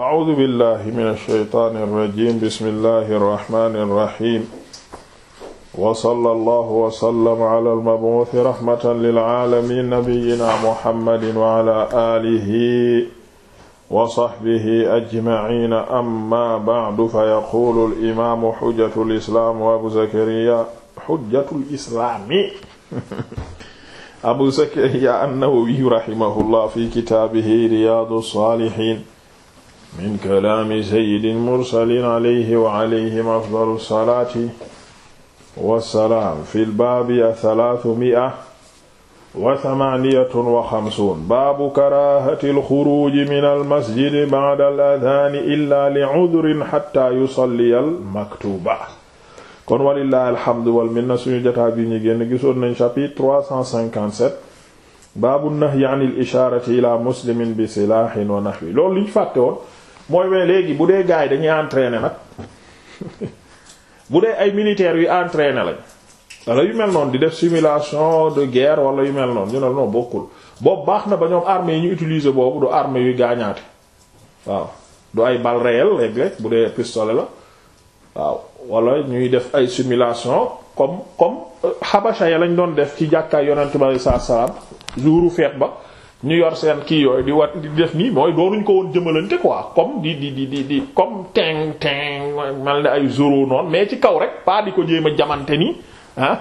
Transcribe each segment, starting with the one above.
a'uudu billahi mina shaytaani rajiim bismillahi rahmaani rahiim wa sallallahu wa sallama ala al-mab'uuthi rahmatan lil aalamiin nabiyyinaa muhammadin wa ala aalihi wa sahbihi ajma'iin amma ba'du fa yaquulu al-imaamu hujjatul islaam wa abu zakariyaa hujjatul islaami abu zakariyaa an-nawawi rahimahullah fi kitaabihi riyaadus saalihiin min kalaami sayyidil mursaliin alayhi wa alayhim afdalu salaati wassalaam fil baabi salaasu mi'a wa samaaniyatun wa xamsuun baabu karaahatil xuruuji minal masjidi ba'dal adhaani illaa li'udrin hattaa yusalliyal maktuuba. kon walillaahi alhamdu wal minna suñu jotaay bi ñu génn gisoon nañ chapitre 357. baabu nahyi anil ishaarati ilaa muslimin bi silaahin wa nahwi loolu liñ fàtte woon. mooy mais léegi bu dee gars yi dañuy entraîné nag bu dee ay militaires yu entraîné lañ wala yu mel noonu di def simulation de guerre wala yu mel noonu ñu ne non bokkul boobu baax na ba ñoom armée yu ñu utiliser boobu du armée yuy gaañaate waaw du ay balles réelles léeg bu dee pistolet la waaw wala ñuy def ay simulation comme comme xabasha euh, ya lañ doon def ci jàkkaay yonent bi saa alayhi wasallam jouru feet ba. ñu yor seen kii yooyu di wat di def nii mooy doonuñ ko woon jëmalante quoi comme di di di di di comme teng teng mal ne ay zoro noonu mais ci kaw rek pas di ko jéem a jamante nii ah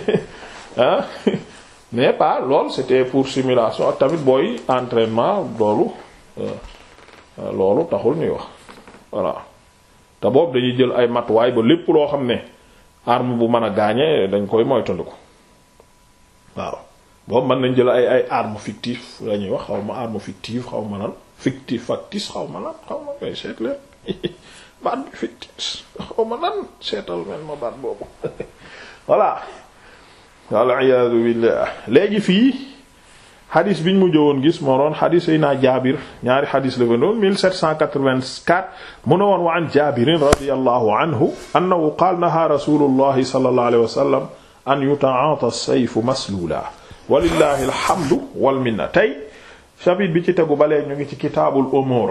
ah mais pas loolu c'était pour simulation tamit booy entrainement loolu euh, euh, loolu taxul ñuy wax voilà te boobu dañuy jël ay matuwaay ba lépp loo xam ne arme bu mën a gaañe dañ koy moytandiku waaw boobu mën nañ jël ay ay arme fictive la ñuy wax xaw ma arme fictive xaw ma lan fictive factice xaw ma lan xaw ma koy seet leen baat bi fictice xaw ma lan seetal mel ma baat boobu voilà wal iyaadu billah léegi fii xadis biñ mu jëwoon gis moo doon xadis ay naa jaabir ñaari xadis la fa doon 1784 mu ne woon wa an jaabirin radiyallahu anhu annahu qaal naha rasulullahi sallallahu alayhi wa sallam an yuta'ata as-sayfu maslula walillahi alhamdu wal minna tey chapitre bi ci tegu balee ñu ngi ci kitaabul umuur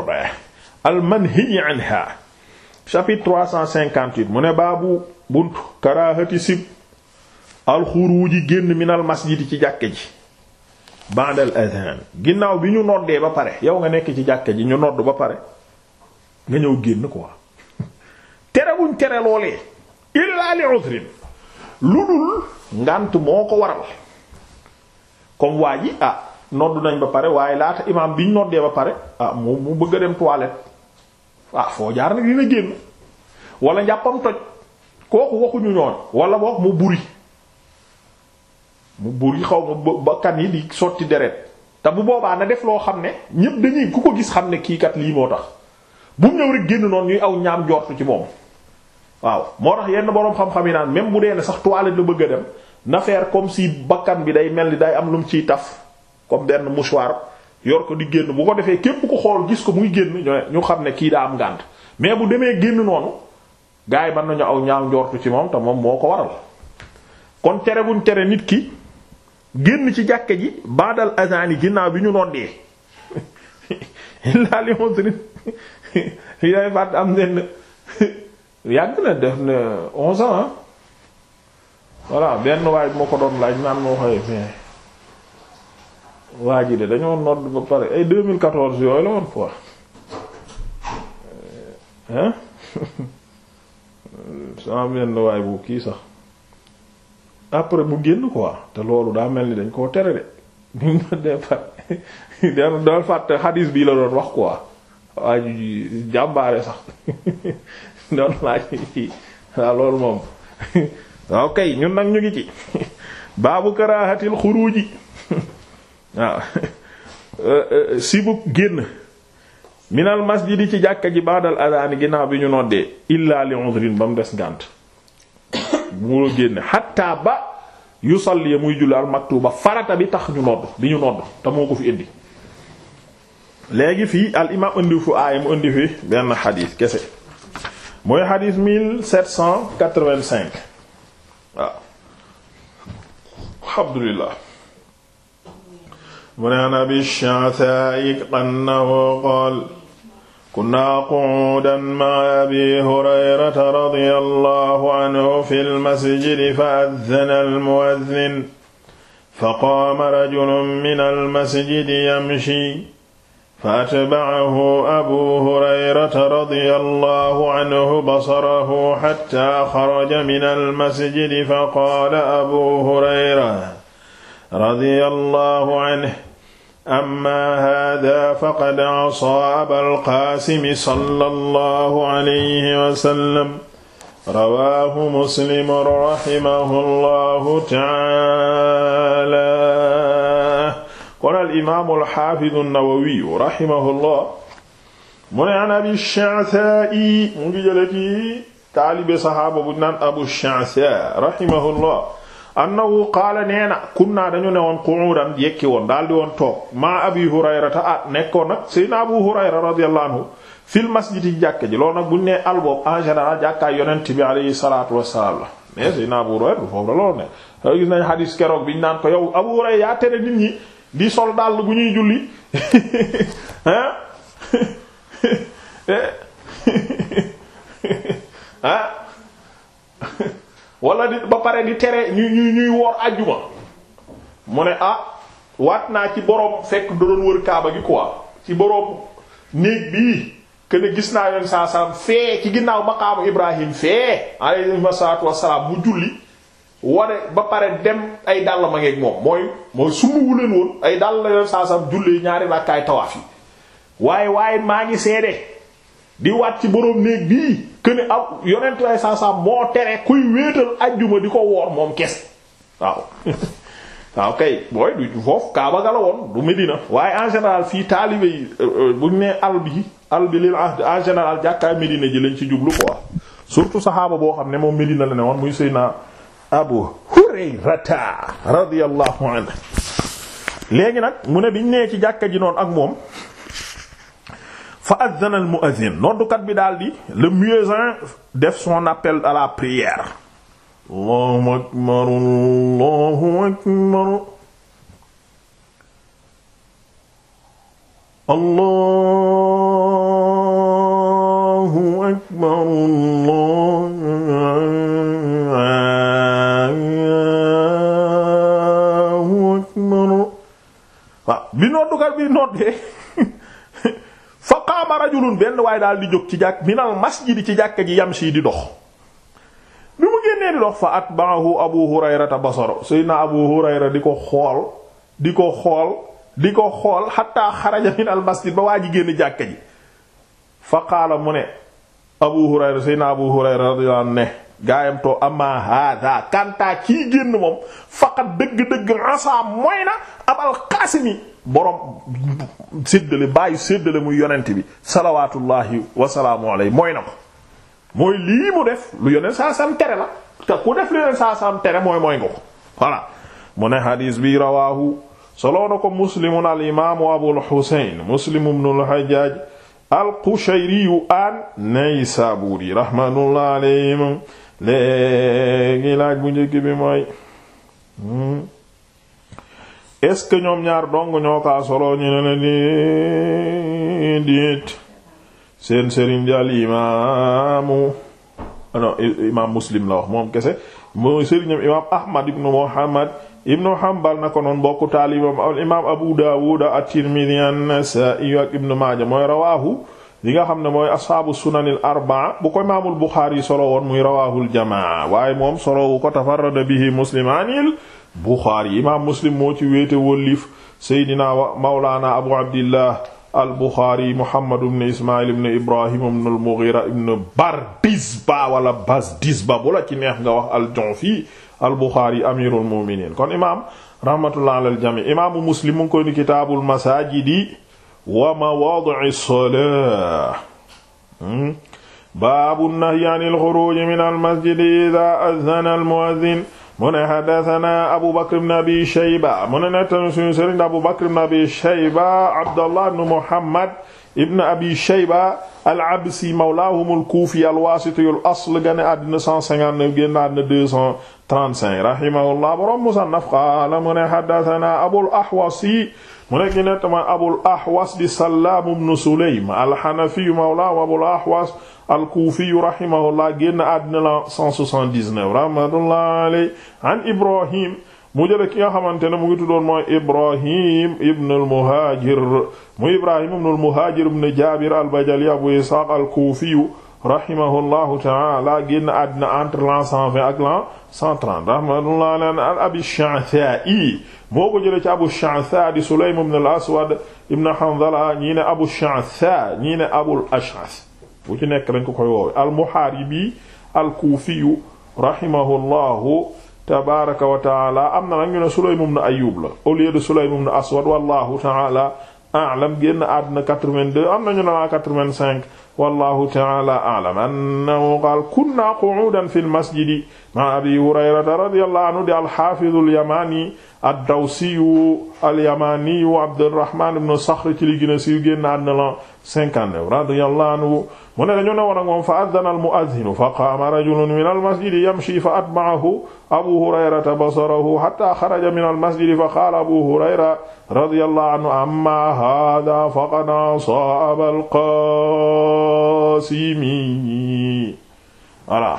al manhi anha chapitre 358 mu ne baabu bunt karaahati sib alxuruuji génn minal masjidi ci jàkke ji ba'dal ginnaaw bi ñu noddee ba pare yow nga nekk ci jàkke ji ñu nodd ba pare nga ñëw génn quoi terewuñ tere loolee illaa li lu dul ngànt moo ko waral comme waa ji ah nodd nañ ba pare waaye laata imaam biñ noddee ba pare ah mu mu bëgg a dem toilette ah foo jaar nag dina génn wala njàppam toj kooku waxuñu ñoon wala wax mu buri mu buri xaw ma ba kan yi di sotti deret te bu boobaa na def loo xam ne ñépp dañuy ku ko gis xam ne kii kat lii moo tax bu ñëw rek génn noonu ñuy aw ñaam jortu ci moom waaw moo tax yenn boroom xam-xam yi naan même bu dee ne sax toilette la bëgg a dem na comme si bakkan bi day mel ni daay am lu mu ciy taf comme benn mouchoir yor ko di génn bu ko defee képp ko xool gis ko muy génn ñu xam ne kii daa am ngànt mais bu demee génn noonu gars yi mën nañu aw ñaaw njortu ci moom te moom moo ko waral kon tere buñ tere nit ki génn ci jàkke ji baadal azan yi ginnaaw bi ñu noddee illaa li onze am nenn yàgg na voilà benn waay bi ma ko doon laaj naan moo xëy mais waa ji de dañoo nodd ba pare ay 2014 yooyu la woon quoi euh, hein sama benn waay bu kii sax après bu génn quoi te loolu daa mel ni dañ koo tere de bi ma fàtte xadiis bii la doon wax quoi waa ji jàmbaare sax doon laaj waaw loolu moom waaw kay ñun nag ñu ngi ci baabu karaahatil xuruuji waaw euh, euh, sibuk génn minal masjidi ci jàkka ji baadal adaan ginnaaw bi ñu noddee illaa li udrin ba mu des ngànt mu génn xatta ba yusalli muy julli al maktuba farata bi tax ñu nodd bi ñu nodd te moo ko fi indi léegi fii al imaam indi fu aaya mu indi fi benn xadiis kese mooy xadiis waaw ah. alhamdulillah mu ne an abi sha'tha'i annahu qaala kunna qu'udan ma'a abi hurayrata radiyallahu anhu fil masjidi fa'adhana al-mu'adhdhin faqaama rajulun minal masjidi yamshi fa atba'ahu abu hurayrata radiyallahu anhu basarahu hatta xaraja minal masjidi fa qaala abu hurayra radiyallahu anhu amma haadaa faqad asaa abal qaasimi sallallahu alayhi wa sallam rawaahu muslim rahimahullahu ta'aala kon al imaam al xaafiz an mu ne an Abi Sha'thaa'i mu ngi jële ci taalibe saxaaba bu naan Abu Sha'thaa rahimahullah annahu qaala nee na kunnaa dañu ne woon qu'uudan yekki woon daal di woon toog ma Abi Hurayrata ah nekkoon nag Seydina Abu Hurayra radiyallahu anhu fil masjid yi jàkka ji loolu nag buñu nee al boobu en général jàkkaay yonent bi alayhi salaatu wassalaam la mais Abu Hurayra foofu la loolu ñi di sol dàll bu ñuy julli ah ah wala di ba pare di tere ñu ñuy woor àjjuma mu ne ah waat naa ci boroom fekk doon wër kaaba gi quoi ci boroom néeg bii que ne gis naa yoon saa saam fee ci ginnaaw maqaamu Ibrahim fee alayhi salaatu wassalaam mu julli. wane ba pare dem ay dàll ma ngeeg moom mooy mooy sumbu leen woon ay dàll la yor saa sam jullee ñaari rakkaay tawaaf yi waaye waaye maa ngi seede di waat ci boroom néeg bii këne ab yonent lay saa sam moo tere kuy wéetal ajjuma di ko woor moom kes waaw waaw kay booy du foofu Kaaba ga la woon du Medina waaye en général fii taalibe yi euh, euh, bu ñu nee àll bi àll bi lil en général jàkkaay Medina ji lañ ci jublu quoi surtout saxaaba boo xam ne moom Medina la ne woon muy abu hurayrata radiyallahu anhu léegi nag mu ne biñ nee ci jàkka ji noonu ak moom fa azzana al noddukat bi daal di le muezzin def son appel à la prière allahu akbar allahu akbar allah di noddee fa qaama benn waaye daal di jóg ci jàkk minal masjidi ci jàkka ji yamshi di dox bi mu génnee di dox fa atba'ahu abu hurayrata basaro seydna abu hurayra di ko xool di ko xool di ko xool xatta xaraja minal masjid ba waa ji génn jàkka ji fa mu ne abu hurayra seydna abu hurayra radiyallahu anhu ne gaayam to ama hada kanta kii génn moom faqat dëgg-dëgg asa mooy na abal qaasimi borom séddale bàyyi séddale muy yonent bi salawaatullahi wasalaamu alayhi mooy na mooy lii mu def lu yonent saa sam tere la te ku def lu yonent saa sam tere mooy mooy nga ko mu ne xadiis bi rawaahu soloo na ko muslimun al imaamu abul xuseyn muslim ibnul hajjaaj al qushayriyu an naysaburi rahmatullah alayhim léegi laaj bu njëkk bi mooy hmm? est-ce que ñoom ñaar dong ñoo kaa solo ñu ne leen diit seen sëriñ di al imaam muslim la wax moom kese mooy sëriñam imaam ahmad ibnu muhammad ibnu hanbal na ko noon bokku taalibam abu daawud at-tirmidhi an-nasa'i ak ibnu maaja mooy rawaahu li nga xam ne mooy ashaabu sunanil arbaa bu ko imaamul buxaari solo woon muy rawaahul jamaa waaye moom solowu ko tafarrada bihi muslimaanil buxaari imaam muslim moo ci wéete wóllif seydina wa mawlaana abu abdillah al buxaari muhammadu ibn ismail ibn ibrahim ibn al mughira ibn bardisba wala basdisba bu la ci neex nga wax al jonfi al buxaari amirul mu'minin kon imaam rahmatullah alal jami imaamu muslim mu ngi koy ni kitaabul masaajidi wa mawaadi'i salaa hmm? baabu nahyi anil xuruuji minal masjidi idaa azana al mu'azzin mu ne haddathana Abu Bakr ibn Abi Shayba mu ne nettanu suñu sëriñ Abu Bakr ibn Abi Shayba Abdallah ibn Muhammad ibn abi shayba al-absi mawlaahum al-kuufi al-waasiti al-asl gane àddina 159 génn àddina 235 rahimahullah borom musannaf qaala mu ne haddathana abul ahwas yi mu nekk nettama abul ahwas di sallaam ibn sulaym al-hanafi mawlaahum abul ahwas al-kuufi rahimahullah génn àddina 179 rahmatullahi alayhi an ibrahim mu jële ki nga xamante ne mu ngi tuddoon mooy ibrahim ibn al-muhajir mu ibrahim ibn al-muhajir ibn jabir al-bajali abu ishaq al-kufiyu rahimahullahu taala génn àddina entre l'an 120 ak l'an 130 rahmatullah alan an abi sha'tha'i moo ko jëlee ci abu sha'tha di sulaym ibn al-aswad ibn hanzala ñii ne abu sha'tha ñii ne abul ash'ath bu ci nekk dañ ko koy woowe al-muharibi al-kufiyu rahimahullahu tabaraka wa taala am na nag ñu ne Sulaym ibn Ayyub la au lieu de Sulaym ibn Aswad wallahu taala a'lam génn àddina 82 am na ñu ne la 85 wallahu taala a'lam annahu qaal kunna qu'udan fi lmasjidi ma abi hurayrata radiyallahu anhu di alxafidu alyamani addawsiyu alyamaniyu abdurrahman ibn Sakhr ci li gën a siiw génn àddina la 59 radiyallahu anhu mu ne dañu ne woon ak moom fa addana al muazzinu fa qaama rajulun min al masjidi yamshi fa atba'ahu abu hurayrata basarahu hatta xaraja min al masjidi fa qaala abu hurayra radiyallahu anhu amma haaza faqad asaa abal qaasimi voilà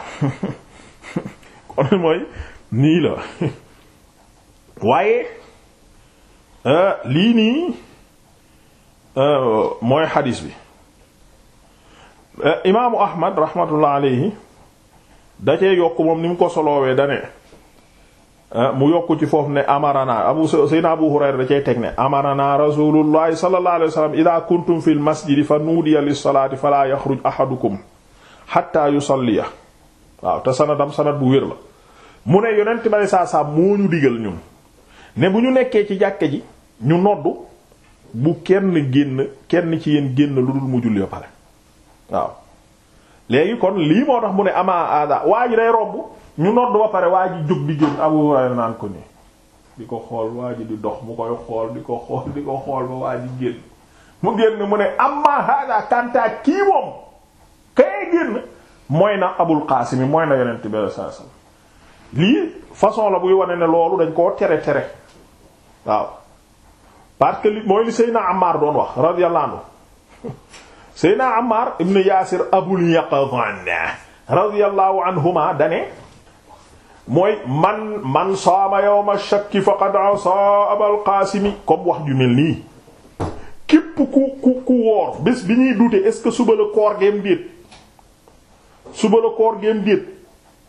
kon mooy nii la waaye eh, lii nii eh, mooy xadiis bi Eh, imaamu ahmad rahmatullah alayhi da cee yokk moom ni mu ko soloowee dane eh, mu yokk ci foofu ne amarana abu sayna abu hurayra da cee teg ne amarana rasulullahi sallallahu alayhi wasallam idha kuntum fil masjidi fa nuudiya lis-salati fala yaxruj ahadukum hatta yusalliya waaw te sanadam sanad bu wér la mu ne yonent bale saa saa moo ñu digal ñun ne bu ñu nekkee ci jàkke ji ñu noddu bu kenn génn kenn ci yéen génn lu dul mu julli ba waaw léegi kon lii moo tax mu ne ama ada waa ji day romb ñu nodd ba pare waa ji jóg di génn Abu Hurayra naan ko nii di ko xool waa ji di dox mu koy xool di ko xool di ko xool ba waa ji génn mu génn mu ne amma hada kanta kii moom kay génn mooy na Abul Qaasim mooy na yonent bi sallallahu alayhi wasallam lii façon la buy wane ne loolu dañ koo tere tere waaw parce que li mooy li Seydina Ammaar doon wax radiyallahu anhu Seydina Ammar ibn Yaasir Abul Yaqzan radiyallahu anhuma dane mooy man man saama yawma shakki faqad asaa Abal Qaasim comme wax ju nii képp ku ku ku woor bés bi ñuy duute est-ce que suba la koor géem déet suba la koor géem déet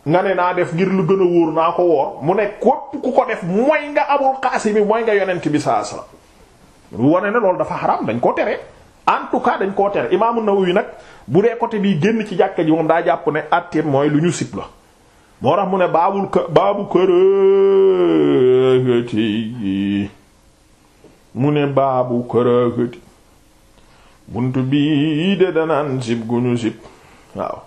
nga ne naa def ngir lu gën a wóor naa ko woor mu ne képp ku ko def mooy nga Abul Qaasim mooy nga yonent bi saa sala wane ne loolu dafa xaraam dañ ko tere en tout cas dañ koo na imaamu nag bu dee côté bii génn ci jàkka ji moom daa jàpp ne attir mooy lu ñu sib la moo tax mu ne baabul baabu kërakati mu ne baabu kërakati bunt bii de danaan sib gu ñu sib waaw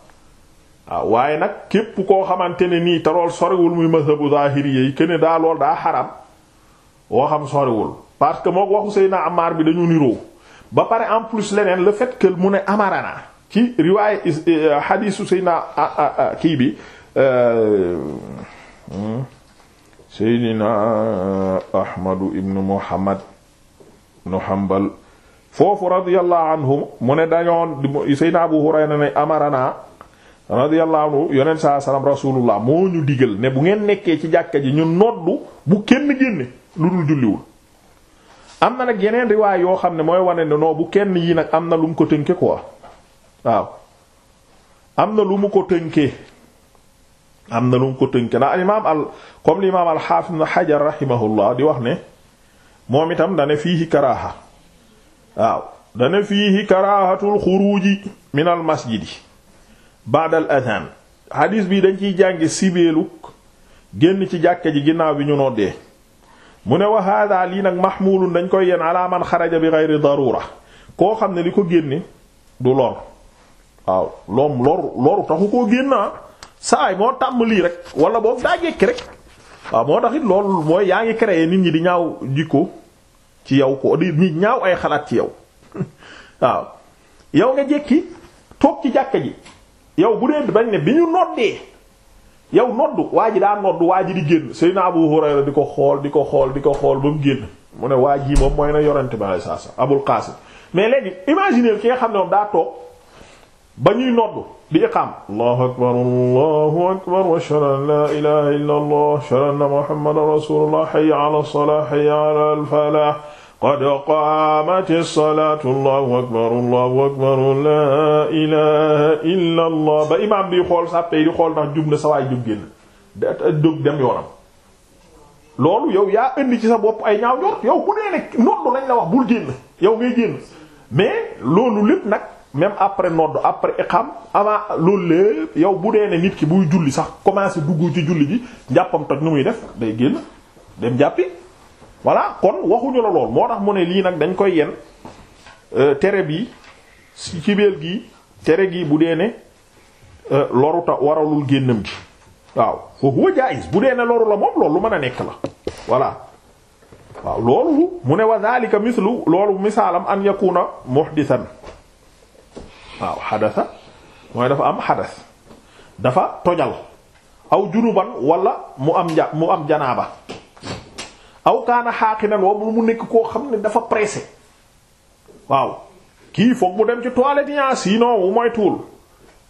waaw waaye nag képp koo xamante ne nii tarool soriwul muy mazhabu zahiri yi kene daa lool daa xaram woo xam soriwul parce que moo waxu Seydina Ammaar bi dañu niroo ba pare en plus leneen la fait mu ne amarana ci riwaay xadiisu eh, Seydina ah, ah, ah, kii bi euh, hmm, Seydina Ahmadu ibnu Muhammad ibnu Hanbal foofu radiyallahu anhu mu ne dañoon Seydina Abu Hurayra ne amarana radiyallahu anhu yonent saa salaam moo ñu digal ne bu ngeen nekkee ci jàkka ji ñu noddu bu kenn génne lu dul julliwul am na nag yeneen riwaay yoo xam ne mooy wane ne non bu kenn yii nag am na lu mu ko tënke quoi waaw am na lu mu ko tënkee am na lu mu ko tënke ndax imaam al comme l'imam al hafiz ibn hajar rahimahullah di wax ne moom itam dane fiihi karaaha waaw dane fiihi karaahatul xuruuji min al masjidi ba'da al adhan hadis dañ ciy jànge sibeeluk génn ci jàkka ji ginnaaw bi ñu noddee mu ne wa hada lii nag mahmulun dañ koy yen ala man xaraja bi geyri darura koo xam ne li ko génne du lor waaw loom loru loru taxu koo génna ah. saay moo tàmm lii rek wala boobu daa jekki rek waaw moo tax it mooy yaa ngi créer nit ñi di ñaaw jikko ci yow ko di nit ñaaw ay xalaat ci yow waaw yow nga jekki toog ci jàkka ji yow bu dee bañ ne bi ñu noddee yow noddu waa ji daa noddu waa ji di génn Seydina Abu Hurayra di ko xool di ko xool di ko xool ba mu génn mu ne waa ji moom mooy na yorente bi alei sat slam Abul Qaasim mais léegi imaginer ki nga xam ne moom daa toog ba ñuy noddu di iqaam allahu akbar allahu akbar wa ashhadu an la ilaha illa allah ashhadu anna muhammadan rasulullah hayya ala salah hayya ala al falah qad qaamati salaatu allahu akbar allahu akbar laa ilaha illa allah ba imaam bi xool sàppee di xool ndax jub na sa waay jub génn da jóg dem yoonam loolu yow yaa indi ci sa bopp ay ñaaw njort yow ku nee ne nodd lañ la wax bul génn yow ngay génn mais loolu lépp nag même après nodd après iqam avant loolu lépp yow bu dee ne nit ki buy julli sax commencé dugg ci julli ji njàppam toj nu muy def day génn dem jàppi voilà kon waxuñu la lool moo tax mu ne lii nag dañ koy yen euh, tere bi ci beel gi tere gi bu dee ne euh, loruta waralul génnam gi waaw foofu wa bu dee ne loru la moom loolu mën a nekk la voilà waaw loolu mu ne wa zalika mislu loolu misaalam an yakuna muhdisan waaw xadasa mooy dafa am xadas dafa tojal aw junuban wala mu am ja mu am janaaba aw kaana xaaqinan wala mu nekk koo xam ne dafa pressé waaw kii foog mu dem ci toilette ya ah, sinon wu mooy tuul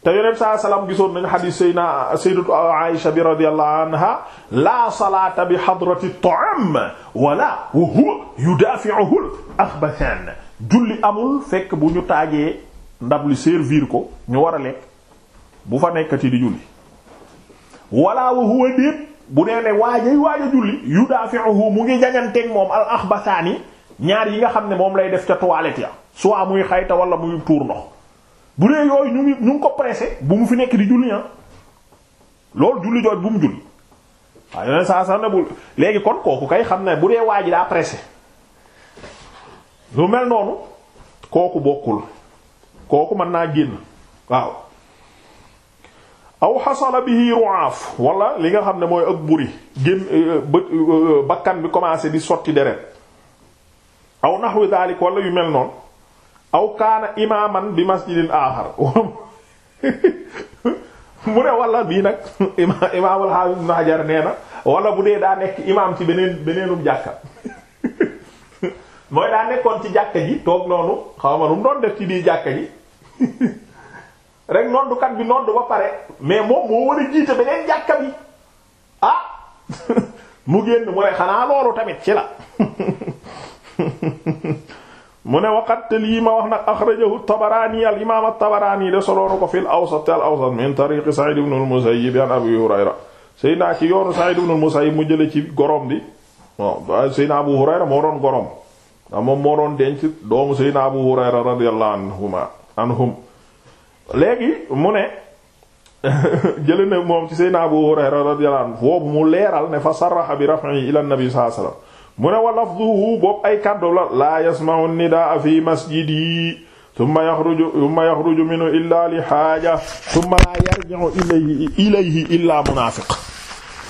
te yonent saa salaam gisoon nañu xadiis sayna sayyidatu Aisha bi radiyallahu anha la salaata bi hadrati ta'am wala wa huwa yudaafi'uhu al-akhbathan julli amul fekk bu ñu taajee ndab li servir ko ñu war a lekk bu fa nekkati di julli wala wa huwa déet bu dee ne waajay waaja julli yu daafi'uhu mu ngi jañanteeg moom al axbasaani ñaar yi nga xam ne moom lay def ca toilette ya soit muy xayta wala muy tuur ndox bu dee yooyu ñu ngi ñu ngi ko pressé bu mu fi nekk di julli ah loolu julli jooj bu mu julli waaw yeneen saa sax ne léegi kon kooku kay xam ne bu dee waa ji daa pressé lu mel noonu kooku bokkul kooku mën naa génn waaw aw xasala bihi ru'aaf wala li nga xam ne mooy ak buri gén euh, euh, bakkan bi commencé di sotti deret aw nahwi dalik wala yu mel noonu aw kaana imaaman bi masjidin aaxar mu ne wala bii nag imaamul xaafis ibn nee na wala bu dee daa nekk imaam ci beneen beneenum jàkka mooy daa nekkoon ci jàkka ji toog noonu xaw ma nu doon def ci biir jàkka ji rek noddukat bi noddu ba pare mais moom moo war a jiite beneen jàkka bi ah mu génn mu ne xanaa loolu tamit ci la mu ne waqat lii ma wax nag axrajahu Tabaraani al imaam at-Tabaraani de soloonu ko fil awsat al awsat min tariqi Sa'id ibn al-Musayyib an Abi Hurayra Seydina ci yoonu Sa'id ibn al-Musayyib mu jële ci gorom bi bon Seydina Abu Hurayra moo doon gorom ndax moom moo doon denc doomu Seydina Abu Hurayra radiyallahu anhuma anhum léegi mu ne jële na moom ci Seydina Abu Hurayra radiyallahu anhu boobu mu leeral ne fa sarraha bi raf'i ila nabi sallallahu mu ne wa lafzuhu boobu ay kàddu la laa yasma'u nidaa fi masjidi tumma yaxruju tumma yaxruju minhu illaa li xaaja tumma laa yarji'u ilayhi ilayhi munaafiq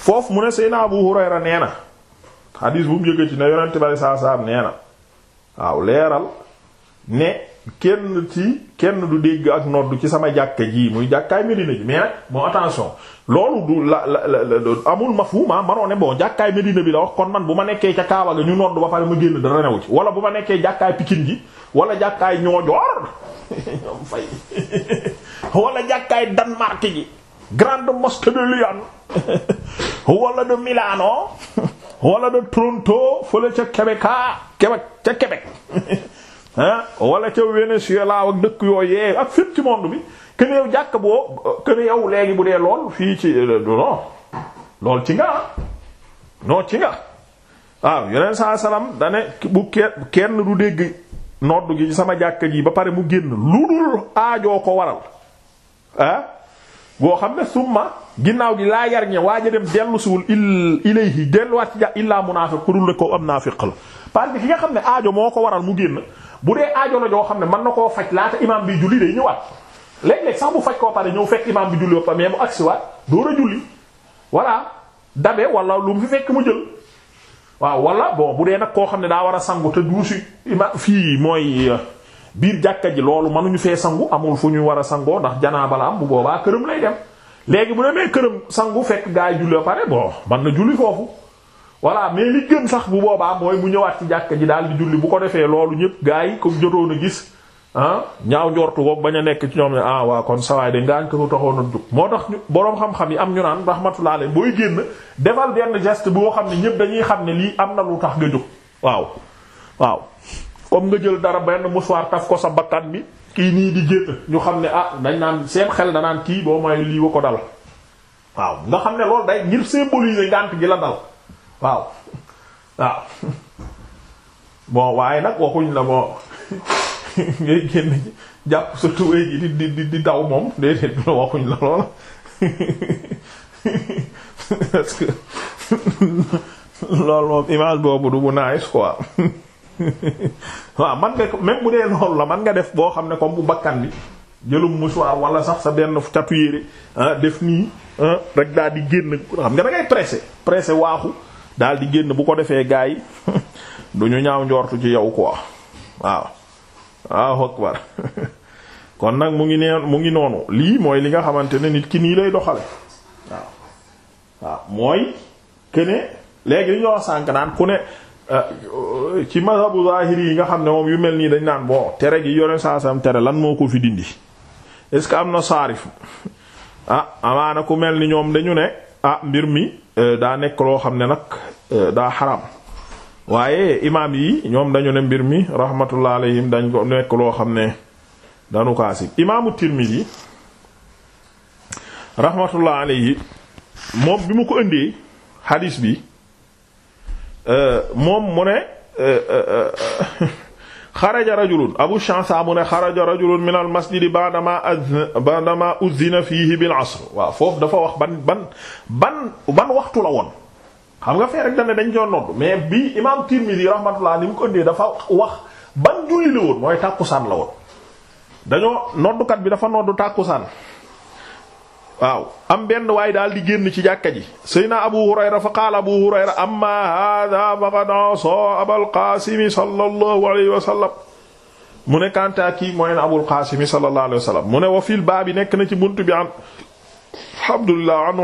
foofu mu ne Seydina Abu Hurayra nee na xadiis bu mu yëkkati ne yonent bi sallallahu nee na waaw leeral ne kenn ci kenn du dégg ak nodd ci sama jàkka ji muy jàkkaay Medina ji mais nag bon attention loolu du la la la amul ma ah, manoo ne bon jàkkaay Medina bi la wax kon man bu ma nekkee ca Kaaba ga ñu nodd ba pare mu génn dara newu ci wala bu ma nekkee jàkkaay Pikine ji wala jàkkaay ñoojoor ñoom fay wala jàkkaay Danemark ji grande mosquée de Lyon wala de Milano wala de Toronto fële ca Québec ah ca Québec ah wala ca Venezuela ak dëkk yooyee ak fépp ci monde bi que ne yow jàkk boo que ne yow léegi bu dee lool fii ci euh, non lool ci nga non ci nga waaw yeneen saa salaam da bu kenn du dégg nodd gi sama jàkka ji ba pare mu génn lu dul aajoo ko waral ah boo xam ne ma ginnaaw gi laa yar ñe waaja dem dellusiwul il ilayhi delluwaat ci ja illaa munaafiq ku dul ko am naafiq la parce que ki nga xam ne aajo moo ko waral mu génn. bu dee aajo la joo xam ne mën na koo faj laata imaam bi julli day ñëwaat léeg-léeg sax bu faj koo pare ñëw fekk imaam bi julli ba mais mu agsiwaat door a julli voilà dabe wala lu fekk mu jël. waaw wala bon bu dee nag koo xam ne daa war a sangu te duusi fii mooy euh, biir jàkka ji loolu mënuñu fee sangu amul fu ñu war a sangoo ndax janaaba la am bu boobaa këram lay dem léegi bu demee këram sangu fekk gaa yi julli ba pare bon mën na julli foofu. voilà mais li gën sax bu boobaa mooy mu ñëwaat ci jàkk ji daal di julli bu ko defee loolu ñëpp gars yi comme jotoon a gis ah ñaaw njortu boog bañ a nekk ci ñoom ne ah, kon sawaay de ngaañ ko taxoon a jug moo tax ñu boroom xam-xam yi am ñu naan rahmatullah booy génn defal benn geste boo xam ne ñëpp dañuy xam ne lii am na lu tax nga jóg waaw waaw nga jël dara benn mouchoir taf ko sa bakkan bi kii nii di ñu xam ne ah dañ naan seen xel na naan kii boo mooy lii wa ko dal waaw nga xam ne loolu day ngir symboliser ngànt gi la dal waaw waaw bon waaye nag waxuñ la bon ngay génn jàpp sa tubéy ji di di di daw moom déedéet waxuñ la loola parce que loolu moom image boobu du bu nice quoi waaw man nga même bu dee loolu la man nga def boo xam ne comme bu bakkan bi jëlum mouchoir wala sax sa benn catu ah, def nii ah, rek daal di génn xam nga da ngay pressé waaxu daal di génn bu ko defee gaa yi du ñu ñaaw njortu ci yow quoi waaw waaw akbar kon nag mu ngi nee mu ngi noonu lii mooy li nga xamante ne nit ki nii lay doxale waaw waaw mooy këne léegi li ñu sànk naan ku ne euh, ci mazhabu zahiri yi nga xam ne moom yu mel nii dañ naan bon tere gi yore saa tere lan moo ko fi dindi est-ce am na saarif ah amaana ku mel ni ñoom dañu ne ah mbir mi Euh, daa nekk loo xam ne nag euh, daa xaram waaye imaam yi ñoom dañu ne mbir mi rahmatullah alayhim dañ ko nekk loo xam ne danu ko asib imaamu Tirmidhi rahmatullah alayhi moom bi mu ko indee xadiis bi euh, moom mu ne xaraja rajulun abu chansa mu ne xaraja rajulun min al masjidi ba'dama ba'dama uzzina fiihi bil asr waaw foofu dafa wax ban ban ban ban waxtu la woon xam nga fee rek dane dañ doon nodd mais bii imam Tirmidhi rahmatullah ni mu ko indee dafa wax ban julli la woon mooy tàkkusaan la woon dañoo noddukat bi dafa noddu tàkkusaan waaw am benn waay daal di génn ci jàkka ji sayna abu hurayra fa qaala abu hurayra amma hada faqad asa abal qaasimi sallallahu alayhi wa sallam mu ne kanta kii mooy na abul qaasimi sallallahu wa sallam mu nekk na ci bunt bi an alhamdulillah an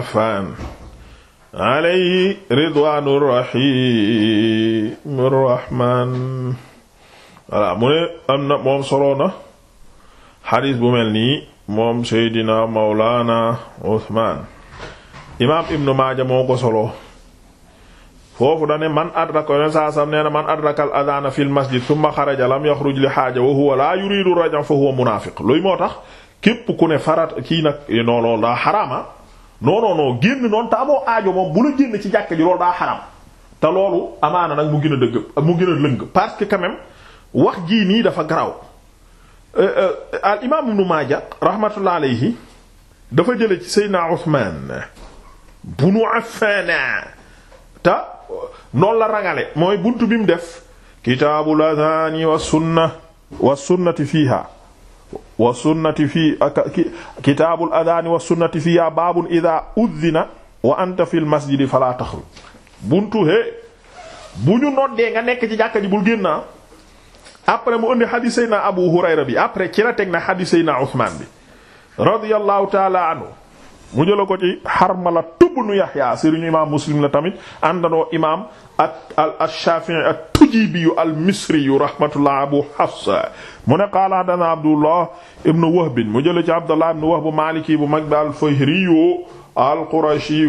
affan alayhi ridwaanur rahiimur rahmaan voilà mu ne am na moom soloo xadiis bu mel nii moom seydina mawlaana uthman imaam ibnu maaja moo ko soloo foofu dane man adraka yoneen saa nee na man adraka al adana masjid thumma xaraja lam yaxruj xaaja wa huwa laa yuridu rajan fa huwa munaafiq luy moo tax képp ku ne farat kii nag eh, non loolu daa xaraama non génn noonu te amoo aajo moom bu la génn ci jàkka ji loolu daa xaram te loolu amaana nag mu gën a dëgg mu gën a parce que wax jii nii dafa garaw euh, euh, al imaam ibnu maaja rahmatullah alayhi dafa jële ci seydna uthman bunu affaana te noonu la rangale mooy bunt bi mu def kitaabul adhaani wa sunna wa sunnati fiiha wa sunnati fii kitaabul adhaani wa sunnati fiiha baabun idha udhina wa anta fil masjidi fala taxruj buntu he bu ñu noddee nga nekk ci jàkka ji bul génn ah. après mu indi xadiis Seydina Abu Hurayra bi après ci la teg na xadiis Seydina Usmaan bi radiyallahu taala anhu mu jëla ko ci Harmala tubnu Yahya sëriñu imaam Muslim la tamit àndandoo imaam ak al-Shafi'i tujibi al-Misri rahmatullah Abu Hafs mu ne qaala haddathana Abdullah mu jëla ci Abdullah ibn Wahb Maliki bu mag bi al-Fihri al-Qurashi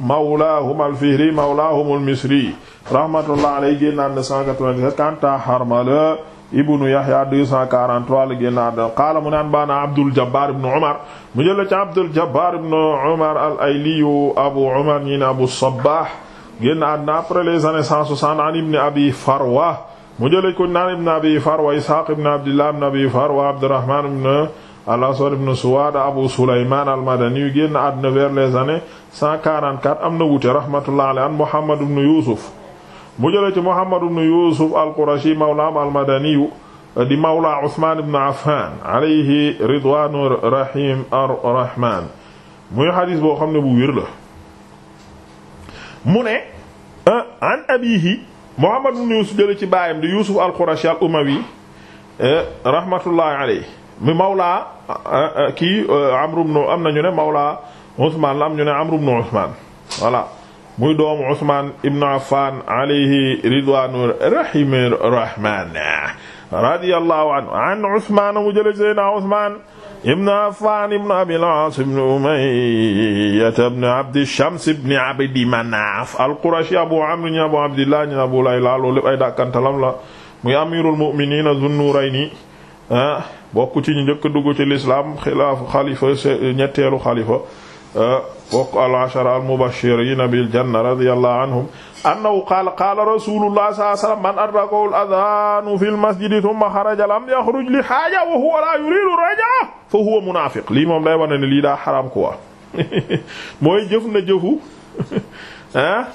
mawlaahum al-Fihri mawlaahum al-Misri rahmatullah alayhi génnaat na kanta Harmala ibnu Yahya 243 la qaala mu naan baana Abdul Jabbar Umar mu jël ci Abdul Jabbar Umar al-Ayliyu Abu Umar ñi Abu Sabbah génnaat na après les années 160 an ibni Abi Farwa mu jël ko naan ibni Abi Farwa Ishaq ibnu Abdillah ibnu Abi Farwa Abdurrahman ibnu al-Aswad ibn Suwaad Abu Sulaymaan al-Madani yu génn àdduna vers am na wuute rahmatullah alayhi an Muhammad ibn Yuusuf mu jëlee ci Muhammad ibn Yusuf al-Qurashi mawlaam al-Madaniyu di mawla Usmaan ibn Affaan alayhi ridwaanu rahim ar-rahmaan muy xadis boo xam ne bu wér la mu ne ah, an abiihi Muhammad ibn Yusuf jëlee ci baayam di Yusuf al-Qurashi al-Umawi eh, rahmatullahi alayhi mi mawla ah, ah, kii eh, Amr ibn am nañu ne mawla Usmaan la am ñu ne Amr ibn Usmaan voilà muy doomu Usmaan ibn Affaan alayhi ridwaanu rahimi rahmaan radiyallahu anhu an Usmaan mu jële Seydina Usmaan ibn Affaan ibn Abil Aas ibn Umayya ibn Abdi Shams ibn Abdi Manaaf al-Qurashi Abu Amr ibn Abu Abdillah ibn Abu Layla loolu lépp ay dàkkantalam la muy amiirul mu'miniina Zunnurayni ah, bokk ci ñu njëkk dugg ci lislaam xilaaf xalifa ñetteelu xalifa ah, bokk al-ashara al-mubashirina bil janna radiyallahu anhum annahu qaala qaala rasulullah sallallahu alayhi man adrakahu al-adhanu fil masjidi thumma xaraja lam yaxruj li haaja wa huwa la yuridu rajaa fa huwa munaafiq lii moom day wane ne lii daa mooy jëf na jëfu ah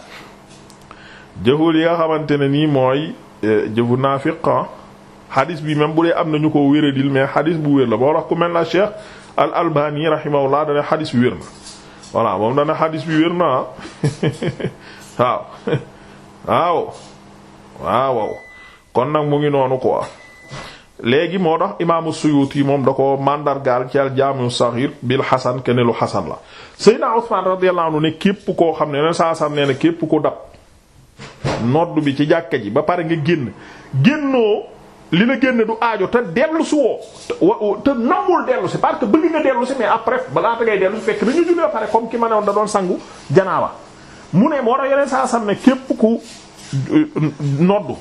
li nga xamante ne nii mooy eh, jëfu naafiq ah. xadis bi même bu dee am na ñu ko wéradil mais xadis bu wér la boo tax ku mel na Cheikh al-Albani rahimahullah dana xadis wér na voilà moom dana xadis bi wér na waaw waaw waaw kon nag mu ngi noonu quoi léegi moo tax imaamu Suyuti moom da ko mandargaal ci al jaamiu saxiir bil xasan kene lu xasan la Seydina Usmaan radiyallahu ne képp koo xam ne yoneen saa sam nee na képp ko dab nodd bi ci jàkka ji ba pare nga génn génnoo li la génne du aajo te dellu si woo te nammul dellu si parce que bëgg nga dellu si mais après balaata ngay dellu si fekk dañu jullee pare comme ki ma ne woon da doon sangu janaaba mu ne moo a yeneen saa sam ne képp ku euh, noddu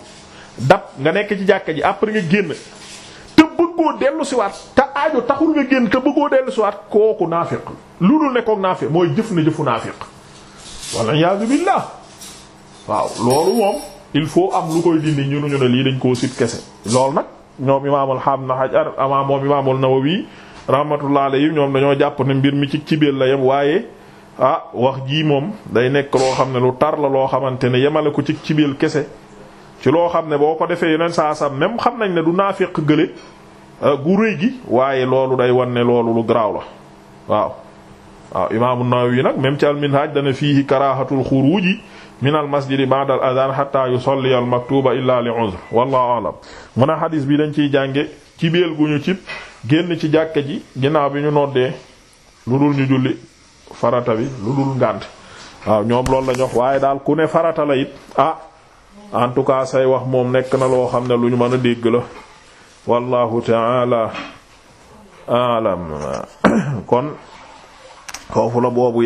dab nga nekk ci jàkka ji après nga génn te bëggoo dellu si waat te aajo taxul nga génn te bëggoo dellu si waat kooku naafiq lu dul nekkook naafiq mooy jëf na jëfu naafiq walla iyaazu waaw loolu moom il faut am lu koy dindi ñu ñu ne lii dañ koo sit kese loolu nag ñoom imaamul xam na xajar ama moom imaamul Nawawi rahmatullah alayhi ñoom dañoo jàpp ne mbir mi ci ci cibeel la yem waaye ah wax jii moom day nekk loo xam ne lu tar la loo xamante ne yemale ko ci ci cibeel kese ci loo xam ne boo ko defee yeneen saa sam xam nañ ne du naafeq gële ah, gu rëy gi waaye loolu day wan ne loolu lu garaaw la waaw waaw imaamu Nawawi nag même ci al-Minhaj dana fiihi min al masjidi ba'da al adhan hatta yusalli al maktuba illa li uzr wallahu a'lam mu ne xadis bi dañ ciy jànge ci biel gu ñu cib génn ci jàkka ji ginnaaw bi ñu noddee lu dul ñu julli farata bi lu dul ngànt waaw ñoom loolu la jox waaye daal ku ne farata la it ah tout cas say wax moom nekk na loo xam ne lu ñu mën a dégg la wallahu ta'ala alam kon foofu la boobu